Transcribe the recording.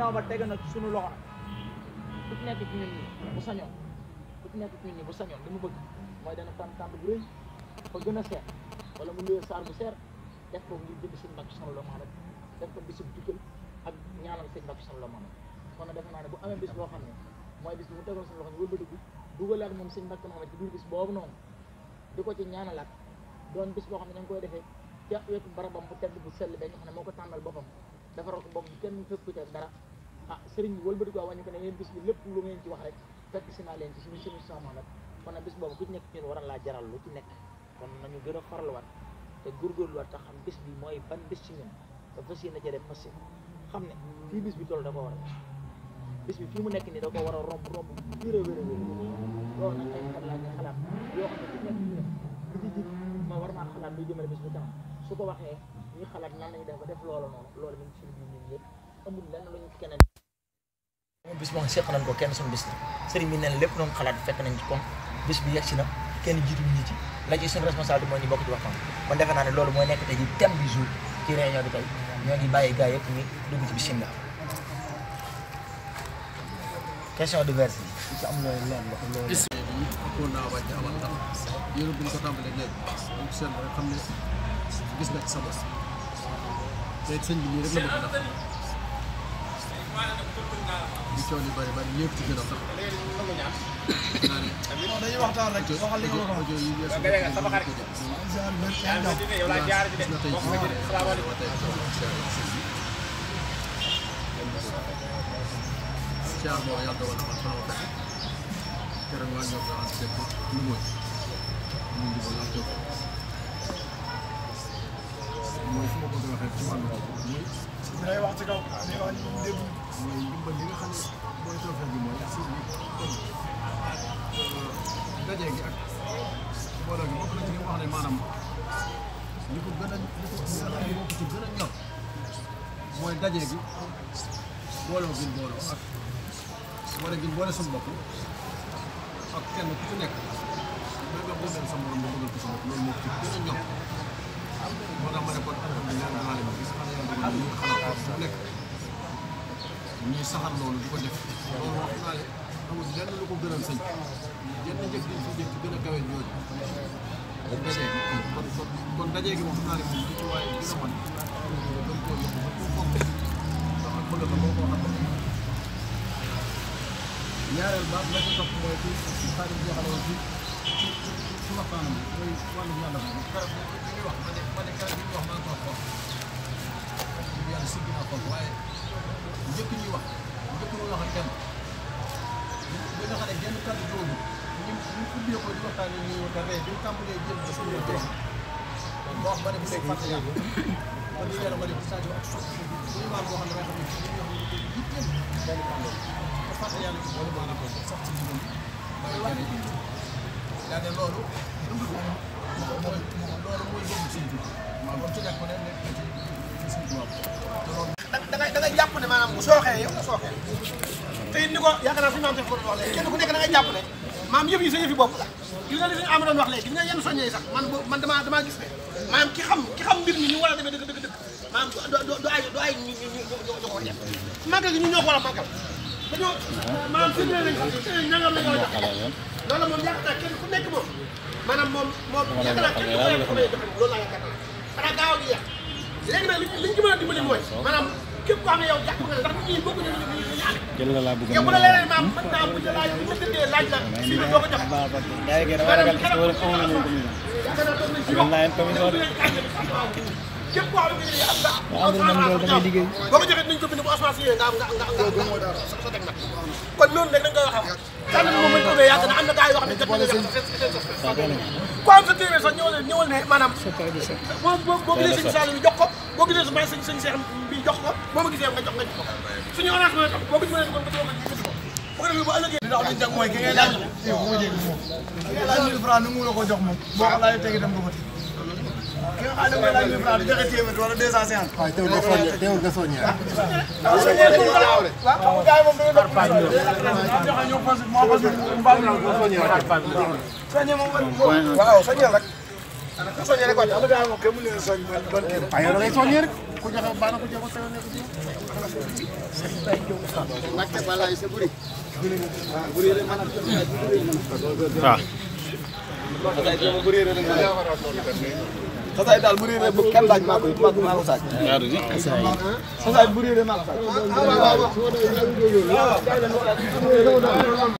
naa ba tege nag ci suñu loxo ku ci nekk bu sañoon nekk ci bu sañoon li mu bëgg mooy dana tànn tànn bu rëy fa gën a seer wala mu luyee saar bu seer def ko ngir jënd sëñ Mbàkke sallallahu alayhi wa sallam def ko bisub jukkal ak ñaanal sëñ Mbàkke wa sallam kon nag defe naa ne bu amee bis boo xam ne mooy bis bi mu tegoon suñu loxo ñu wëlbatiku dugalaat moom sëñ Mbàkke Muhammad ci biir bis boobu noonu di ko ci ñaanalaat doon bis boo xam ne dañ koy defee ca wetu barabam bu tedd bu sell ba nga xam ne moo ko tànnal boppam defaral ko bopp bi kenn fépp ku dara ah sëriñ bi wëlbati ko wàññi ko ne yéen bis bi lépp lu ngeen ci wax rek fekk si naa leen ci suñu suñu sama nag kon nag bis boobu ku nekk ñun waral laa jaral lu ci nekk kon nañu gën a farluwaat te góorgóorluwaat te xam bis bi mooy ban bis ci ñun te fas yéene jëlee xam ne fii bis bi toll da ko war bis bi fii mu nekk nii da ko war a romb romb wér a wér a wér loolu nag ay xalaat xalaat nekk ñu ne li ci jiit ma war maa xalaat luy jëmale bis bi kanam su ko waxee ñuy xalaat nan lañu def ba def loolu noonu loolu ñu ngi suñu biir ñun yëpp amul lenn lu ñu keneen moom bis moom seq ko kenn suñu bis la sëriñ bi neen lépp noonu xalaat fekk nañ ci kon bis bi yegg si na kenn jiitu ñi ci la ci suñu responsabilité mooy ñu bokk ci waxtaan kon defe naa ne loolu mooy nekk tey ji bi du ci réunion bi tey ñoo ngi bàyyi gars yëpp ñu dugg ci bisimilah question diverse yi ci am a ko gis nga ci sa bopp léegi sëñ bi nii rek la bëgg a def li coow li bëri bëri ñëpp ci gën a sax. dañuy waxtaan rek waxal li nga wax yi yi yeesu yi sama xarit yow laa jaar ci de wax nga ci de salaamaaleykum siyaar boobu yàlla dogal na man sama fekk keroog maa ngi wax daal ci dëkk lu mooy mu ngi ko lan mooy fi ma bëgg a waxee ci wàllu boobu mooy. ngay wax ci kaw ngay wax ñu dégg. mooy ndimbal li nga xam ne mooy tawfeex bi mooy si bi kon daje gi ak mbooloo gi bokk na ci li wax ne maanaam li ko gën a li ko bokk ci gën a ñor mooy daje gi mbooloo gi mbooloo ak wala gi mboole suñu bopp ak kenn ku ci nekk da nga bëggal sa morom nga bëggal ko sa bopp loolu moo ci gën a ñor. moo tax ma ne kon alhamdulilah dinaa leen gis man yàlla dogal ñu xalaat su nekk ñuy saxal loolu di ko def loolu wax naa leen amul lenn lu ko gënal sëñ yenn njëkk yi fi njëkk gën a kawe ñooñu daje kon kon kon daje gi wax naa leen moom li ci waaye gën a mën dañ koo yokk ba ko moom ndax ak bëgg la moo ko xam ñaareel baax la ko topp mooy ci xaalis boo xam ne ci waxtaanam mooy wàllu yàlla moom garab bi ñuy wax ma ne ma ne garab bi ñuy wax maa ngi ko xool yàlla si bi naa xool waaye njëkk ñuy wax njëkk ñuy wax ak kenn bi nga xam ne genn kàddu googu ñu ñu ubbee ko di waxtaan yi ñuy waxtaan rek bi mu tàmbalee jël ba suñu wax ma wax ma ne bu nekk fàtte yàlla kon ñu yàlla ma ne saa ak suuf suñu maam boo xam ne damay xam ne ñu wax ñu ko yëpp fàtte yàlla ci boolu maanaam sax ci ñu waaye daa ne loolu mooy loolu mooy yóbbu ne nekk ci da da ngay jàpp ne bu sooxee yow nga sooxee te it ni ko yaakaar naa suñu maam def ko doon wax léegi kenn nekk da ngay jàpp ne maam yëf yi sa yëf yi bopp la gis nga li suñu am doon wax léegi yenn soññee sax man man damaa damaa gis ne maanaam ki xam ki xam mbir mi ñu war a demee dëgg dëgg dëgg du ay du ay ñu ñu ñu ñu ko ñu ñoo ko war dañoo maanaam firnde nañ ko nangam la ñu war a jox loolu moom yaakaar naa kenn ku nekk moom maanaam moom moom yaakaar naa kenn ku nekk moom loolu laa yaakaar xanaa gaaw gi yàq léegi nag li ñu mën a dimbali mooy maanaam képp koo xam ne yow jàpp nga ndax ñi bokk nañu ñu ñu ñaan jël la la bëgg yow bu la leeree maam mën naa bu la laaj bu ma tëddee laaj la si ñu doo ko jox daay gën a war a gal ko wala xamoon nañu ko ñu képp koo xamante ne am nga. waaw am nañu loolu da ngay liggéey. boo ko joxee nañ ko bind bu assurance yooyu nga am nga nga nga nga sa teg nag. kon loolu léegi dañ koy waxal. tànn moom lañ ko doon yàgg na am na gars yoo xam ne jot nañu yàq seen seen sos. ku am sa téeméer sax ñëwal ñëwal ne maanaam. boo boo boo gisee sëñ Saliou bi jox ko boo gisee su ma sëñ sëñ Cheikh bi jox ko boo ma gisee nga jox nga jox ko suñu orange mooy tam boo ko gisee nga jox ko bu ko defee bu ëllëgee. li nga xam ne mooy ki ngay laaj. yow bu ma jéggi moom. ki ngay laaj 1000 francs ni mu la ko jox moom. boo ko laajee tegi dem nga ko teg ki nga xam ne mooy laaj mille francs du joxe téeméer wala deux cent cinquante. waaw teewul nga soññee teewul nga soññee. waaw soññee tuuti ko laaw de. waaw xam nga gars yi moom dañoo doon mën a soññee. waaw joxe ñoo fas moo fas mbaam la ko soññee rek. soññee moom man waaw soññee rek. ku soññee rek wàcc xam nga gars yi moom kenn mënu leen soñ man man kii. waaw yow da ngay soññee rek ku joxe baax na ku joxe teewul nekk ci. Mbacke Balaye sa buri. waaw buri de man waaw. waaw. xasaay daal bu réeré bu kenn laaj maa ko maa ko saaj. xasaay bu réeré maa ko saaj.